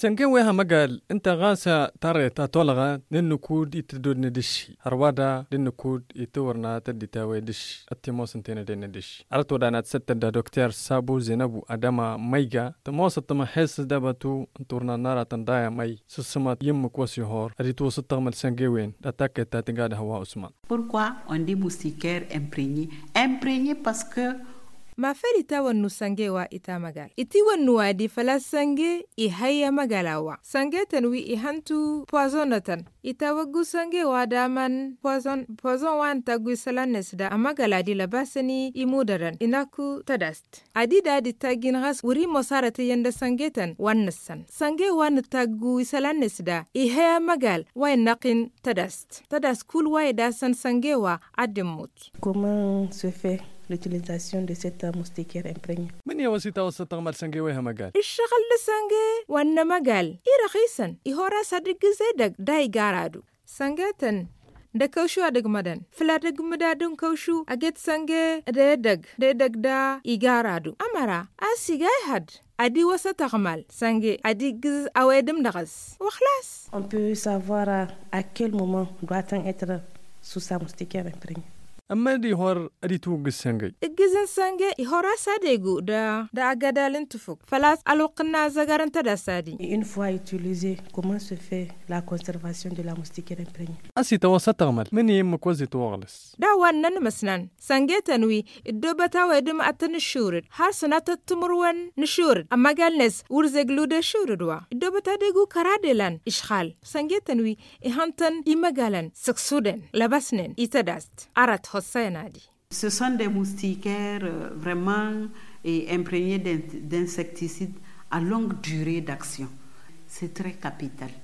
سنجوي ها مقال انت غاسا تاري تاتولغا لانه كود يتدون دشي هروادا لانه كود يتورنا دیتا تاوي دش التيموس انتين دين دش عرتو دانا تستا دا دکتر سابو زينبو ادما ميغا تموس تما حس دابتو انتورنا نارا تندايا مي سسمات يمك وسيهور ريتو ستغمل سنجوين اتاك تاتنغا هوا عثمان Pourquoi on dit moustiquaire imprégné Imprégné parce que Ma ta wannu sangewa ita magal iti di fala sange i magalawa sange wi ihantu hantu poison gu tan sangewa daman poison poison wan amagaladilabasani gui salanes amagala di labasani i inaku tadast Adida da di tagin ras wuri mosara ta yanda sange sange wan salanes da i magal wai tadast tadast kul wai da san sangewa ademut. comment se fait l'utilisation de cette moustiquaire imprégnée. من يوسيتا وسطا مال سنجي ويها مقال الشغل لسنجي وانا مقال إرخيصا إهورا صدق زيدك داي قارادو سنجاتن da kaushu a dagmadan fila dagmada don kaushu a get sange da ya dag da ya dag da igaradu amara a sigai had adi wasa tagmal sange adi giz a wayadim dagas wakhlas on peut savoir à quel moment doit-on être sous sa moustiquaire imprégnée ammadii hor adituu gisangay igizinsange ihorasadegu da da agadalintufuk falas aluqina zagarantadasadi une fois utilisé comment se fait la conservation de la moustiquaire imprégnée asita wasataqmal man yemma kwazitu waqlis da wannan masnan sange tanwi iddobata wedim atan shurid har sanata tumurwan nishurid amma galnes wurzeglude shuridwa iddobata degu karadelan ishkhal sange tanwi ihantan imagalan siksuden labasnen itadast arat Ce sont des moustiquaires euh, vraiment imprégnés d'insecticides à longue durée d'action. C'est très capital.